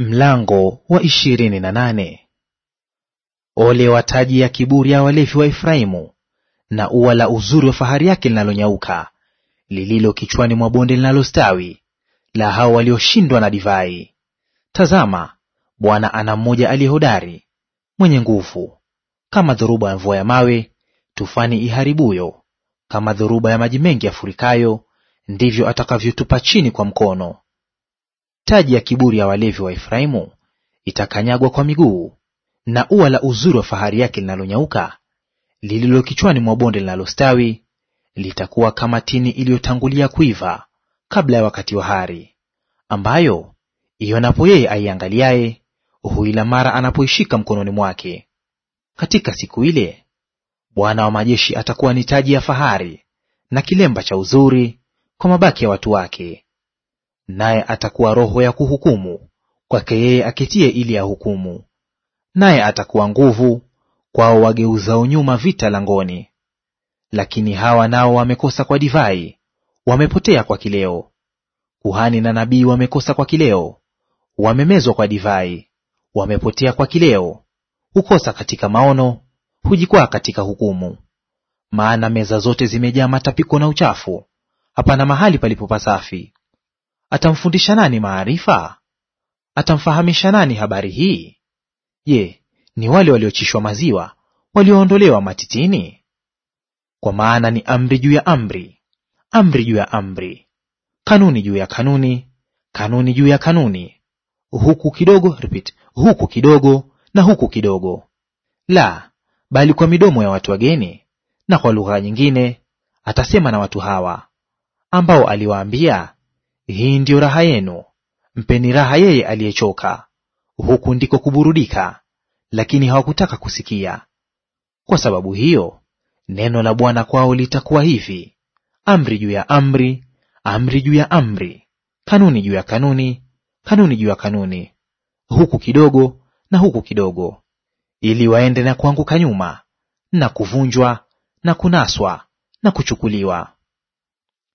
Mlango wa ishirini na nane. Ole wataji ya kiburi ya walevi wa Efraimu, na ua la uzuri wa fahari yake linalonyauka, lililo kichwani mwa bonde linalostawi, la hao walioshindwa na divai. Tazama, Bwana ana mmoja aliyehodari mwenye nguvu, kama dhoruba ya mvua ya mawe, tufani iharibuyo; kama dhoruba ya maji mengi yafurikayo, ndivyo atakavyotupa chini kwa mkono. Taji ya kiburi ya walevi wa Efraimu itakanyagwa kwa miguu, na ua la uzuri wa fahari yake linalonyauka lililo kichwani mwa bonde linalostawi litakuwa kama tini iliyotangulia kuiva kabla ya wakati wa hari, ambayo ionapo yeye aiangaliaye huila mara anapoishika mkononi mwake. Katika siku ile Bwana wa majeshi atakuwa ni taji ya fahari na kilemba cha uzuri kwa mabaki ya watu wake naye atakuwa roho ya kuhukumu kwake yeye aketie ili ahukumu, naye atakuwa nguvu kwao wageuzao nyuma vita langoni. Lakini hawa nao wamekosa kwa divai, wamepotea kwa kileo. Kuhani na nabii wamekosa kwa kileo, wamemezwa kwa divai, wamepotea kwa kileo, hukosa katika maono, hujikwaa katika hukumu. Maana meza zote zimejaa matapiko na uchafu, hapana mahali palipo pasafi. Atamfundisha nani maarifa? Atamfahamisha nani habari hii? Je, ni wale waliochishwa maziwa, walioondolewa matitini? Kwa maana ni amri juu ya amri, amri juu ya amri, kanuni juu ya kanuni, kanuni juu ya kanuni, huku kidogo repeat, huku kidogo na huku kidogo. La, bali kwa midomo ya watu wageni na kwa lugha nyingine atasema na watu hawa, ambao aliwaambia hii ndiyo raha yenu, mpeni raha yeye aliyechoka. Huku ndiko kuburudika, lakini hawakutaka kusikia. Kwa sababu hiyo neno la Bwana kwao litakuwa hivi: amri juu ya amri, amri juu ya amri, kanuni juu ya kanuni, kanuni juu ya kanuni, huku kidogo na huku kidogo, ili waende na kuanguka nyuma na kuvunjwa na kunaswa na kuchukuliwa.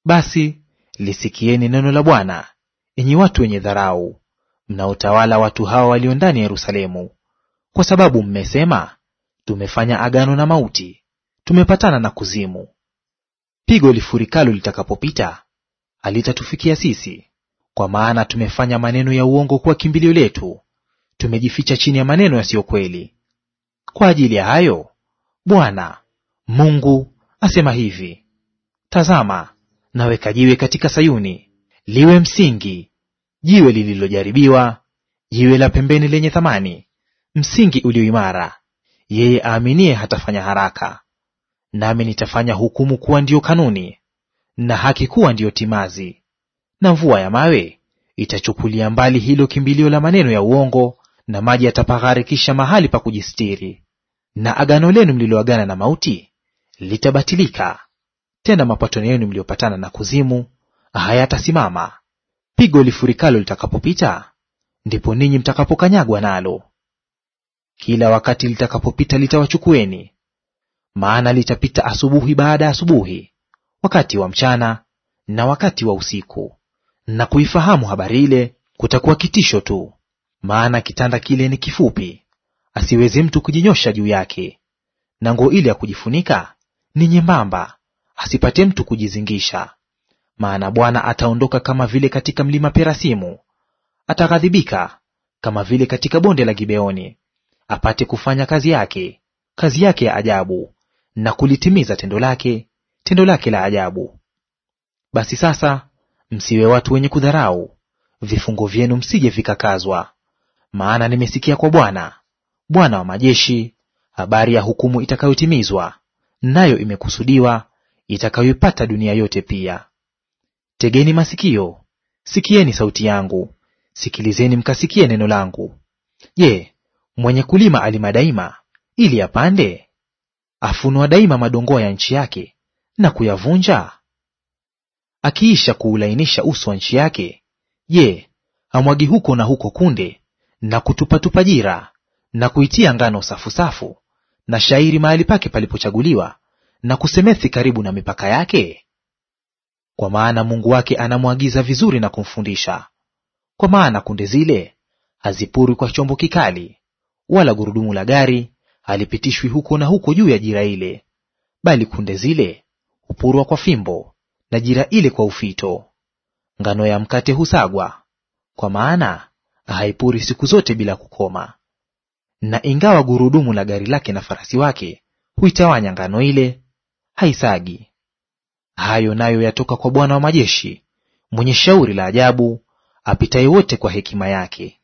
Basi lisikieni neno la Bwana, enyi watu wenye dharau, mnaotawala watu hawa walio ndani ya Yerusalemu. Kwa sababu mmesema, tumefanya agano na mauti, tumepatana na kuzimu. Pigo lifurikalo litakapopita, halitatufikia sisi, kwa maana tumefanya maneno ya uongo kuwa kimbilio letu, tumejificha chini ya maneno yasiyo kweli. Kwa ajili ya hayo Bwana Mungu asema hivi: Tazama, na weka jiwe katika Sayuni liwe msingi, jiwe lililojaribiwa, jiwe la pembeni lenye thamani, msingi ulioimara. Yeye aaminie hatafanya haraka. Nami nitafanya hukumu kuwa ndiyo kanuni, na haki kuwa ndiyo timazi, na mvua ya mawe itachukulia mbali hilo kimbilio la maneno ya uongo, na maji yatapagharikisha mahali pa kujistiri. Na agano lenu mliloagana na mauti litabatilika, tena mapatano yenu mliyopatana na kuzimu hayatasimama; pigo lifurikalo litakapopita, ndipo ninyi mtakapokanyagwa nalo. Kila wakati litakapopita litawachukueni, maana litapita asubuhi baada ya asubuhi, wakati wa mchana na wakati wa usiku. Na kuifahamu habari ile kutakuwa kitisho tu, maana kitanda kile ni kifupi, asiwezi mtu kujinyosha juu yake, na nguo ile ya kujifunika ni nyembamba, asipate mtu kujizingisha. Maana Bwana ataondoka kama vile katika mlima Perasimu, ataghadhibika kama vile katika bonde la Gibeoni, apate kufanya kazi yake, kazi yake ya ajabu, na kulitimiza tendo lake, tendo lake la ajabu. Basi sasa msiwe watu wenye kudharau, vifungo vyenu msije vikakazwa. Maana nimesikia kwa Bwana, Bwana wa majeshi, habari ya hukumu itakayotimizwa, nayo imekusudiwa itakayoipata dunia yote pia. Tegeni masikio, sikieni sauti yangu, sikilizeni mkasikie neno langu. Je, mwenye kulima alima daima ili apande? Afunua daima madongoa ya nchi yake na kuyavunja? Akiisha kuulainisha uso wa nchi yake, je, hamwagi huko na huko kunde na kutupatupa jira na kuitia ngano safusafu safu, na shairi mahali pake palipochaguliwa na kusemethi karibu na mipaka yake? Kwa maana Mungu wake anamwagiza vizuri na kumfundisha. Kwa maana kunde zile hazipurwi kwa chombo kikali, wala gurudumu la gari halipitishwi huko na huko juu ya jira ile, bali kunde zile hupurwa kwa fimbo, na jira ile kwa ufito. Ngano ya mkate husagwa, kwa maana haipuri siku zote bila kukoma. Na ingawa gurudumu la gari lake na farasi wake huitawanya ngano ile, haisagi. Hayo nayo yatoka kwa Bwana wa majeshi, mwenye shauri la ajabu, apitaye wote kwa hekima yake.